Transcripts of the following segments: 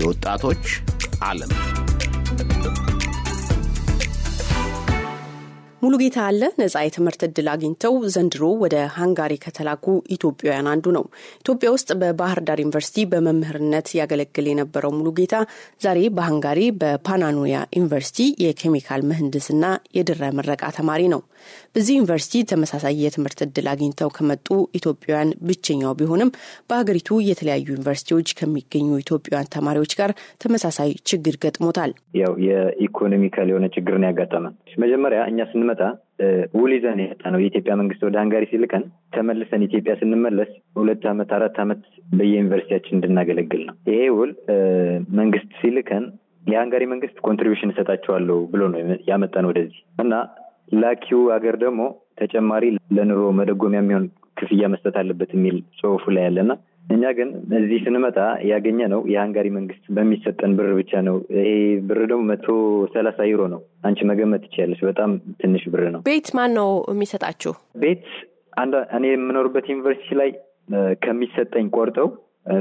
የወጣቶች ዓለም ሙሉ ጌታ አለ ነጻ የትምህርት እድል አግኝተው ዘንድሮ ወደ ሃንጋሪ ከተላኩ ኢትዮጵያውያን አንዱ ነው። ኢትዮጵያ ውስጥ በባህር ዳር ዩኒቨርሲቲ በመምህርነት ያገለግል የነበረው ሙሉ ጌታ ዛሬ በሃንጋሪ በፓናኖያ ዩኒቨርሲቲ የኬሚካል ምህንድስና የድረ ምረቃ ተማሪ ነው። በዚህ ዩኒቨርሲቲ ተመሳሳይ የትምህርት እድል አግኝተው ከመጡ ኢትዮጵያውያን ብቸኛው ቢሆንም በሀገሪቱ የተለያዩ ዩኒቨርሲቲዎች ከሚገኙ ኢትዮጵያውያን ተማሪዎች ጋር ተመሳሳይ ችግር ገጥሞታል። ያው የኢኮኖሚካል የሆነ ችግር ነው ያጋጠመን። መጀመሪያ እኛ ስንመጣ ውል ይዘን የመጣ ነው። የኢትዮጵያ መንግስት ወደ ሀንጋሪ ሲልከን ተመልሰን ኢትዮጵያ ስንመለስ ሁለት ዓመት አራት ዓመት በየዩኒቨርሲቲያችን እንድናገለግል ነው። ይሄ ውል መንግስት ሲልከን የሀንጋሪ መንግስት ኮንትሪቢሽን እሰጣቸዋለሁ ብሎ ነው ያመጣን ወደዚህ እና ላኪው ሀገር ደግሞ ተጨማሪ ለኑሮ መደጎሚያ የሚሆን ክፍያ መስጠት አለበት የሚል ጽሁፉ ላይ ያለና እኛ ግን እዚህ ስንመጣ ያገኘ ነው የሀንጋሪ መንግስት በሚሰጠን ብር ብቻ ነው። ይሄ ብር ደግሞ መቶ ሰላሳ ዩሮ ነው። አንቺ መገመት ትችያለሽ። በጣም ትንሽ ብር ነው። ቤት ማን ነው የሚሰጣችሁ? ቤት እኔ የምኖርበት ዩኒቨርሲቲ ላይ ከሚሰጠኝ ቆርጠው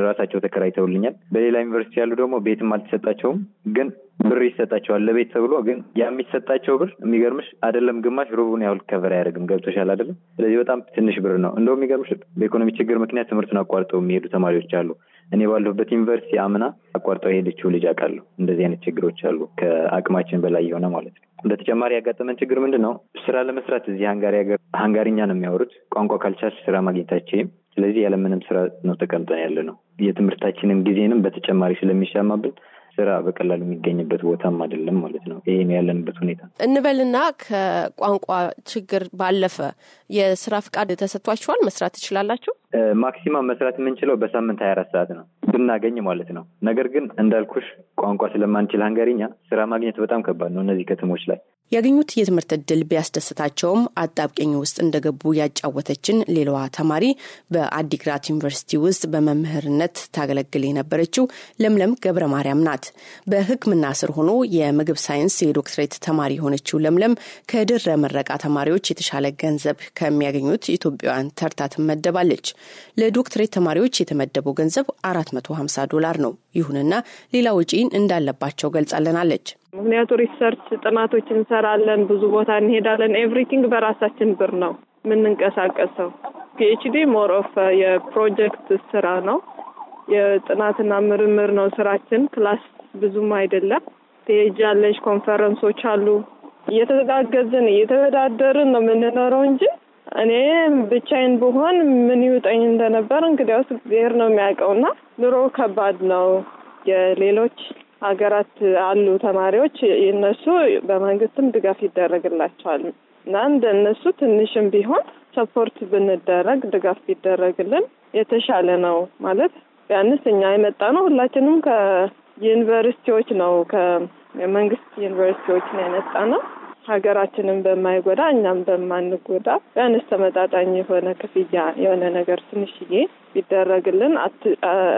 ራሳቸው ተከራይተውልኛል። በሌላ ዩኒቨርሲቲ ያሉ ደግሞ ቤትም አልተሰጣቸውም ግን ብር ይሰጣቸዋል ለቤት ተብሎ ግን ያ የሚሰጣቸው ብር የሚገርምሽ አይደለም ግማሽ ሩቡን ያውል ከቨር አያደርግም። ገብቶሻል አይደለም? ስለዚህ በጣም ትንሽ ብር ነው። እንደው የሚገርምሽ በኢኮኖሚ ችግር ምክንያት ትምህርቱን አቋርጠው የሚሄዱ ተማሪዎች አሉ። እኔ ባለሁበት ዩኒቨርሲቲ አምና አቋርጠው የሄደችው ልጅ አውቃለሁ። እንደዚህ አይነት ችግሮች አሉ፣ ከአቅማችን በላይ የሆነ ማለት ነው። በተጨማሪ ያጋጠመን ችግር ምንድን ነው? ስራ ለመስራት እዚህ ሀንጋሪ ሀገር ሀንጋሪኛ ነው የሚያወሩት። ቋንቋ ካልቻልሽ ስራ ማግኘታቸው ስለዚህ ያለምንም ስራ ነው ተቀምጠን ያለ ነው። የትምህርታችንም ጊዜንም በተጨማሪ ስለሚሻማብን ስራ በቀላሉ የሚገኝበት ቦታም አይደለም ማለት ነው። ይሄ ያለንበት ሁኔታ። እንበልና ከቋንቋ ችግር ባለፈ የስራ ፍቃድ ተሰጥቷችኋል፣ መስራት ትችላላችሁ። ማክሲማም መስራት የምንችለው በሳምንት ሀያ አራት ሰዓት ነው። ብናገኝ ማለት ነው። ነገር ግን እንዳልኩሽ ቋንቋ ስለማንችል ሀንገሪኛ ስራ ማግኘት በጣም ከባድ ነው እነዚህ ከተሞች ላይ። ያገኙት የትምህርት እድል ቢያስደስታቸውም አጣብቀኝ ውስጥ እንደገቡ ያጫወተችን ሌላዋ ተማሪ በአዲግራት ዩኒቨርሲቲ ውስጥ በመምህርነት ታገለግል የነበረችው ለምለም ገብረ ማርያም ናት። በሕክምና ስር ሆኖ የምግብ ሳይንስ የዶክትሬት ተማሪ የሆነችው ለምለም ከድረ ምረቃ ተማሪዎች የተሻለ ገንዘብ ከሚያገኙት ኢትዮጵያውያን ተርታ ትመደባለች። ለዶክትሬት ተማሪዎች የተመደበው ገንዘብ አራት 750 ዶላር ነው። ይሁንና ሌላ ወጪን እንዳለባቸው ገልጻለናለች። ምክንያቱ ሪሰርች ጥናቶች እንሰራለን፣ ብዙ ቦታ እንሄዳለን። ኤቭሪቲንግ በራሳችን ብር ነው የምንንቀሳቀሰው። ፒኤችዲ ሞር ኦፍ የፕሮጀክት ስራ ነው፣ የጥናትና ምርምር ነው ስራችን። ክላስ ብዙም አይደለም። ትሄጃለሽ፣ ኮንፈረንሶች አሉ። እየተጋገዝን እየተወዳደርን ነው የምንኖረው እንጂ እኔ ብቻዬን ብሆን ምን ይውጠኝ እንደነበር እንግዲያውስ እግዚአብሔር ነው የሚያውቀውና ኑሮ ከባድ ነው። የሌሎች ሀገራት አሉ ተማሪዎች እነሱ በመንግስትም ድጋፍ ይደረግላቸዋል እና እንደ እነሱ ትንሽም ቢሆን ሰፖርት ብንደረግ ድጋፍ ቢደረግልን የተሻለ ነው ማለት ቢያንስ እኛ የመጣ ነው ሁላችንም ከዩኒቨርሲቲዎች ነው ከመንግስት ዩኒቨርሲቲዎች ነው የመጣ ነው ሀገራችንን በማይጎዳ እኛም በማንጎዳ ቢያንስ ተመጣጣኝ የሆነ ክፍያ የሆነ ነገር ትንሽዬ ቢደረግልን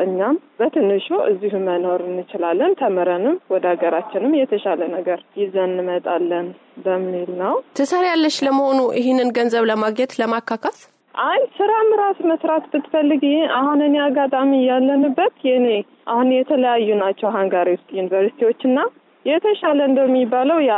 እኛም በትንሹ እዚሁ መኖር እንችላለን። ተምረንም ወደ ሀገራችንም የተሻለ ነገር ይዘን እንመጣለን በሚል ነው። ትሰሪያለሽ? ለመሆኑ ይህንን ገንዘብ ለማግኘት ለማካካስ አይ ስራም ራስ መስራት ብትፈልግ አሁን እኔ አጋጣሚ ያለንበት የኔ አሁን የተለያዩ ናቸው ሀንጋሪ ውስጥ ዩኒቨርሲቲዎች እና የተሻለ እንደሚባለው ያ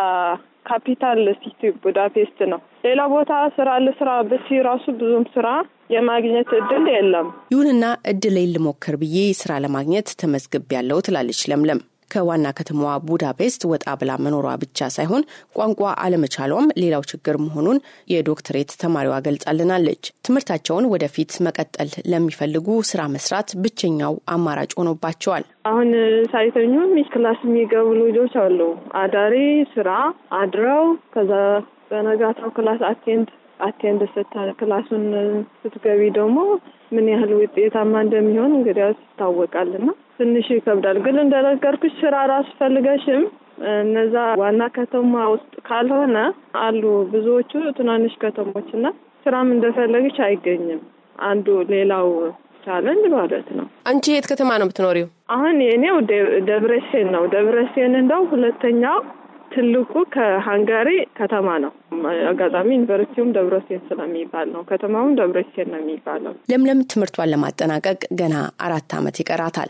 ካፒታል ሲቲ ቡዳፔስት ነው። ሌላ ቦታ ስራ ለስራ ብቲ ራሱ ብዙም ስራ የማግኘት እድል የለም። ይሁንና እድል ልሞክር ብዬ ስራ ለማግኘት ተመዝግብ ያለው ትላለች ለምለም ከዋና ከተማዋ ቡዳፔስት ወጣ ብላ መኖሯ ብቻ ሳይሆን ቋንቋ አለመቻሏም ሌላው ችግር መሆኑን የዶክትሬት ተማሪዋ ገልጻልናለች። ትምህርታቸውን ወደፊት መቀጠል ለሚፈልጉ ስራ መስራት ብቸኛው አማራጭ ሆኖባቸዋል። አሁን ሳይተኙም ክላስ የሚገቡ ልጆች አሉ። አዳሪ ስራ አድረው ከዛ በነጋታው ክላስ አቴንድ አቴንድ ስታ ክላሱን ስትገቢ ደግሞ ምን ያህል ውጤታማ እንደሚሆን እንግዲያውስ ይታወቃል። እና ትንሽ ይከብዳል። ግን እንደነገርኩሽ ስራ ራስ ፈልገሽም እነዛ ዋና ከተማ ውስጥ ካልሆነ አሉ ብዙዎቹ ትናንሽ ከተሞች እና ስራም እንደፈለግሽ አይገኝም። አንዱ ሌላው ቻለንጅ ማለት ነው። አንቺ የት ከተማ ነው የምትኖሪው? አሁን የእኔው ደብረሴን ነው። ደብረሴን እንደው ሁለተኛው ትልቁ ከሀንጋሪ ከተማ ነው። አጋጣሚ ዩኒቨርሲቲውም ደብረሴን ስለሚባል ነው። ከተማውም ደብረሴን ነው የሚባለው። ለምለም ትምህርቷን ለማጠናቀቅ ገና አራት ዓመት ይቀራታል።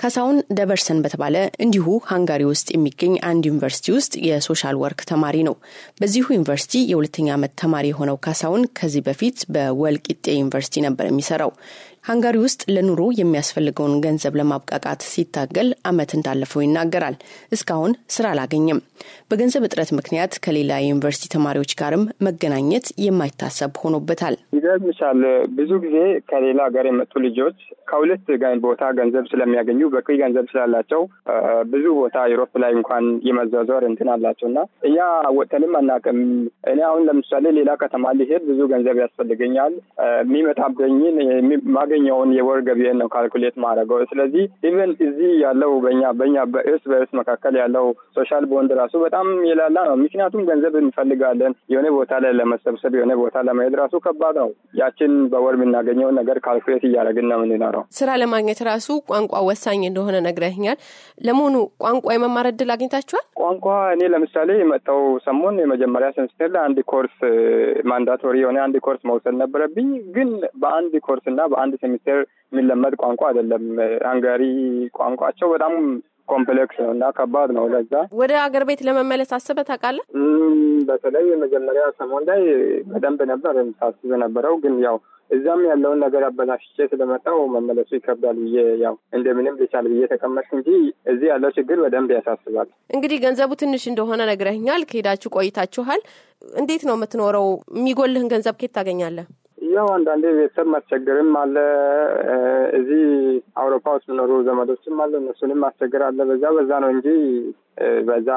ካሳሁን ደበርሰን በተባለ እንዲሁ ሃንጋሪ ውስጥ የሚገኝ አንድ ዩኒቨርሲቲ ውስጥ የሶሻል ወርክ ተማሪ ነው። በዚሁ ዩኒቨርሲቲ የሁለተኛ ዓመት ተማሪ የሆነው ካሳሁን ከዚህ በፊት በወልቂጤ ዩኒቨርሲቲ ነበር የሚሰራው። ሃንጋሪ ውስጥ ለኑሮ የሚያስፈልገውን ገንዘብ ለማብቃቃት ሲታገል አመት እንዳለፈው ይናገራል። እስካሁን ስራ አላገኘም። በገንዘብ እጥረት ምክንያት ከሌላ የዩኒቨርሲቲ ተማሪዎች ጋርም መገናኘት የማይታሰብ ሆኖበታል። ይገርምሻል፣ ብዙ ጊዜ ከሌላ ሀገር የመጡ ልጆች ከሁለት ቦታ ገንዘብ ስለሚያገኙ በቂ ገንዘብ ስላላቸው ብዙ ቦታ ዩሮፕ ላይ እንኳን የመዘዞር እንትን አላቸው እና እኛ ወጥተንም አናውቅም። እኔ አሁን ለምሳሌ ሌላ ከተማ ሊሄድ ብዙ ገንዘብ ያስፈልገኛል የሚመጣብኝን የማገኘውን የወር ገቢን ነው ካልኩሌት ማድረገው። ስለዚህ ኢቨን እዚህ ያለው በኛ በኛ በእርስ በእርስ መካከል ያለው ሶሻል ቦንድ ራሱ በጣም የላላ ነው። ምክንያቱም ገንዘብ እንፈልጋለን የሆነ ቦታ ላይ ለመሰብሰብ የሆነ ቦታ ለመሄድ ራሱ ከባድ ነው። ያችን በወር የምናገኘውን ነገር ካልኩሌት እያደረግን ነው የምንኖረው። ስራ ለማግኘት ራሱ ቋንቋ ወሳኝ እንደሆነ ነግረኛል። ለመሆኑ ቋንቋ የመማር እድል አግኝታችኋል? ቋንቋ እኔ ለምሳሌ የመጣው ሰሞን የመጀመሪያ ሴምስተር ለአንድ ኮርስ ማንዳቶሪ eh, የሆነ አንድ ኮርስ መውሰድ ነበረብኝ። ግን በአንድ ኮርስ እና በአንድ ሚኒስቴር የሚለመድ ቋንቋ አይደለም። ሃንጋሪ ቋንቋቸው በጣም ኮምፕሌክስ ነው እና ከባድ ነው። ለዛ ወደ አገር ቤት ለመመለስ አስበህ ታውቃለህ? በተለይ የመጀመሪያ ሰሞን ላይ በደንብ ነበር ሳስብ ነበረው ግን ያው እዛም ያለውን ነገር አበላሽቼ ስለመጣው መመለሱ ይከብዳል ብዬ ያው እንደምንም ልቻል ብዬ ተቀመጥኩ እንጂ እዚህ ያለው ችግር በደንብ ያሳስባል። እንግዲህ ገንዘቡ ትንሽ እንደሆነ ነግረኛል። ከሄዳችሁ ቆይታችኋል። እንዴት ነው የምትኖረው? የሚጎልህን ገንዘብ ኬት ታገኛለህ? ያው አንዳንዴ ቤተሰብ ማስቸገርም አለ። እዚህ አውሮፓ ውስጥ የሚኖሩ ዘመዶችም አለ። እነሱንም ማስቸገር አለ። በዛ በዛ ነው እንጂ በዛ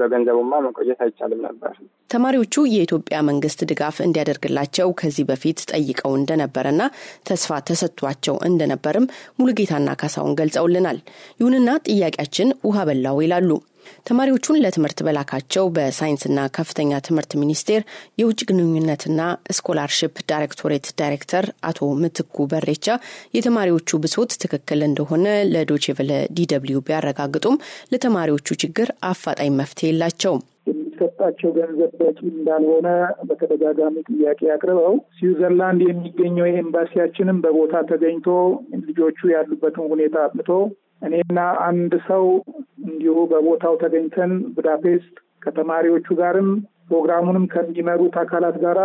በገንዘቡማ መቆየት አይቻልም ነበር። ተማሪዎቹ የኢትዮጵያ መንግስት ድጋፍ እንዲያደርግላቸው ከዚህ በፊት ጠይቀው እንደነበረና ተስፋ ተሰጥቷቸው እንደነበርም ሙሉጌታና ካሳውን ገልጸውልናል። ይሁንና ጥያቄያችን ውሃ በላው ይላሉ። ተማሪዎቹን ለትምህርት በላካቸው በሳይንስና ከፍተኛ ትምህርት ሚኒስቴር የውጭ ግንኙነትና ስኮላርሽፕ ዳይሬክቶሬት ዳይሬክተር አቶ ምትኩ በሬቻ የተማሪዎቹ ብሶት ትክክል እንደሆነ ለዶቼቨለ ዲደብልዩ ቢያረጋግጡም ለተማሪዎቹ ችግር አፋጣኝ መፍትሄ የላቸውም። የሚሰጣቸው ገንዘብ በቂ እንዳልሆነ በተደጋጋሚ ጥያቄ አቅርበው ስዊዘርላንድ የሚገኘው ኤምባሲያችንም በቦታ ተገኝቶ ልጆቹ ያሉበትን ሁኔታ አጥንቶ እኔና አንድ ሰው እንዲሁ በቦታው ተገኝተን ቡዳፔስት ከተማሪዎቹ ጋርም ፕሮግራሙንም ከሚመሩት አካላት ጋራ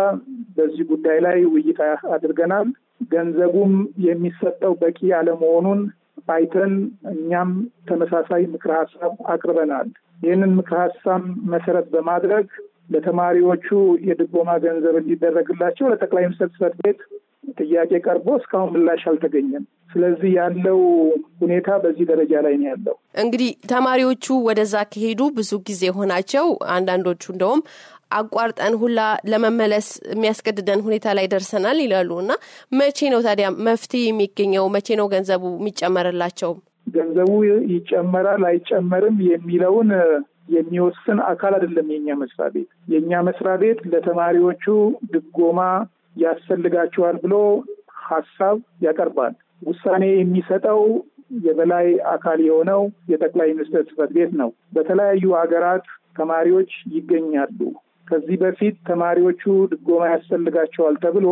በዚህ ጉዳይ ላይ ውይይት አድርገናል። ገንዘቡም የሚሰጠው በቂ አለመሆኑን አይተን እኛም ተመሳሳይ ምክር ሀሳብ አቅርበናል። ይህንን ምክር ሀሳብ መሰረት በማድረግ ለተማሪዎቹ የድጎማ ገንዘብ እንዲደረግላቸው ለጠቅላይ ሚኒስትር ጽሕፈት ቤት ጥያቄ ቀርቦ እስካሁን ምላሽ አልተገኘም። ስለዚህ ያለው ሁኔታ በዚህ ደረጃ ላይ ነው ያለው። እንግዲህ ተማሪዎቹ ወደዛ ከሄዱ ብዙ ጊዜ ሆናቸው። አንዳንዶቹ እንደውም አቋርጠን ሁላ ለመመለስ የሚያስገድደን ሁኔታ ላይ ደርሰናል ይላሉ። እና መቼ ነው ታዲያ መፍትሄ የሚገኘው? መቼ ነው ገንዘቡ የሚጨመርላቸው? ገንዘቡ ይጨመራል አይጨመርም የሚለውን የሚወስን አካል አይደለም የእኛ መስሪያ ቤት። የእኛ መስሪያ ቤት ለተማሪዎቹ ድጎማ ያስፈልጋቸዋል ብሎ ሀሳብ ያቀርባል። ውሳኔ የሚሰጠው የበላይ አካል የሆነው የጠቅላይ ሚኒስትር ጽፈት ቤት ነው። በተለያዩ ሀገራት ተማሪዎች ይገኛሉ። ከዚህ በፊት ተማሪዎቹ ድጎማ ያስፈልጋቸዋል ተብሎ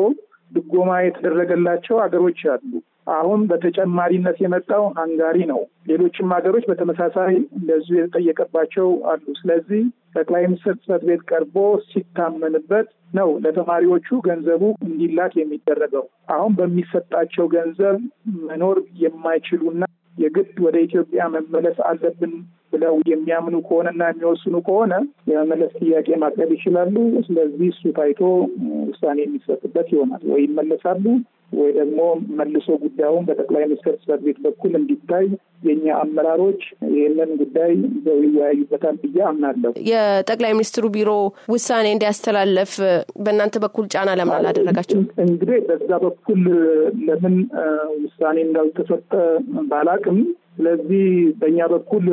ድጎማ የተደረገላቸው ሀገሮች አሉ። አሁን በተጨማሪነት የመጣው ሃንጋሪ ነው። ሌሎችም ሀገሮች በተመሳሳይ እንደዚሁ የተጠየቀባቸው አሉ። ስለዚህ ጠቅላይ ሚኒስትር ጽሕፈት ቤት ቀርቦ ሲታመንበት ነው ለተማሪዎቹ ገንዘቡ እንዲላክ የሚደረገው። አሁን በሚሰጣቸው ገንዘብ መኖር የማይችሉና የግድ ወደ ኢትዮጵያ መመለስ አለብን ብለው የሚያምኑ ከሆነና የሚወስኑ ከሆነ የመመለስ ጥያቄ ማቅረብ ይችላሉ። ስለዚህ እሱ ታይቶ ውሳኔ የሚሰጥበት ይሆናል ወይ ይመለሳሉ ወይ ደግሞ መልሶ ጉዳዩን በጠቅላይ ሚኒስትር ጽሕፈት ቤት በኩል እንዲታይ የእኛ አመራሮች ይህንን ጉዳይ ይዘው ይወያዩበታል ብዬ አምናለሁ። የጠቅላይ ሚኒስትሩ ቢሮ ውሳኔ እንዲያስተላለፍ በእናንተ በኩል ጫና ለምን አላደረጋቸው? እንግዲህ በዛ በኩል ለምን ውሳኔ እንዳልተሰጠ ባላቅም ስለዚህ በእኛ በኩል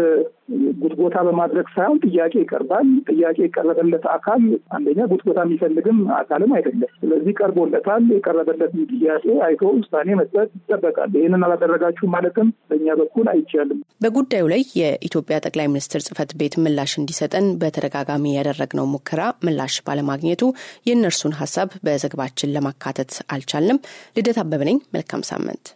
ጉትጎታ በማድረግ ሳይሆን ጥያቄ ይቀርባል። ጥያቄ የቀረበለት አካል አንደኛ ጉትጎታ የሚፈልግም አካልም አይደለም። ስለዚህ ቀርቦለታል። የቀረበለትን ጥያቄ አይቶ ውሳኔ መስጠት ይጠበቃል። ይህንን አላደረጋችሁ ማለትም በእኛ በኩል አይቻልም። በጉዳዩ ላይ የኢትዮጵያ ጠቅላይ ሚኒስትር ጽህፈት ቤት ምላሽ እንዲሰጠን በተደጋጋሚ ያደረግነው ሙከራ ምላሽ ባለማግኘቱ የእነርሱን ሀሳብ በዘግባችን ለማካተት አልቻልንም። ልደት አበበ ነኝ። መልካም ሳምንት።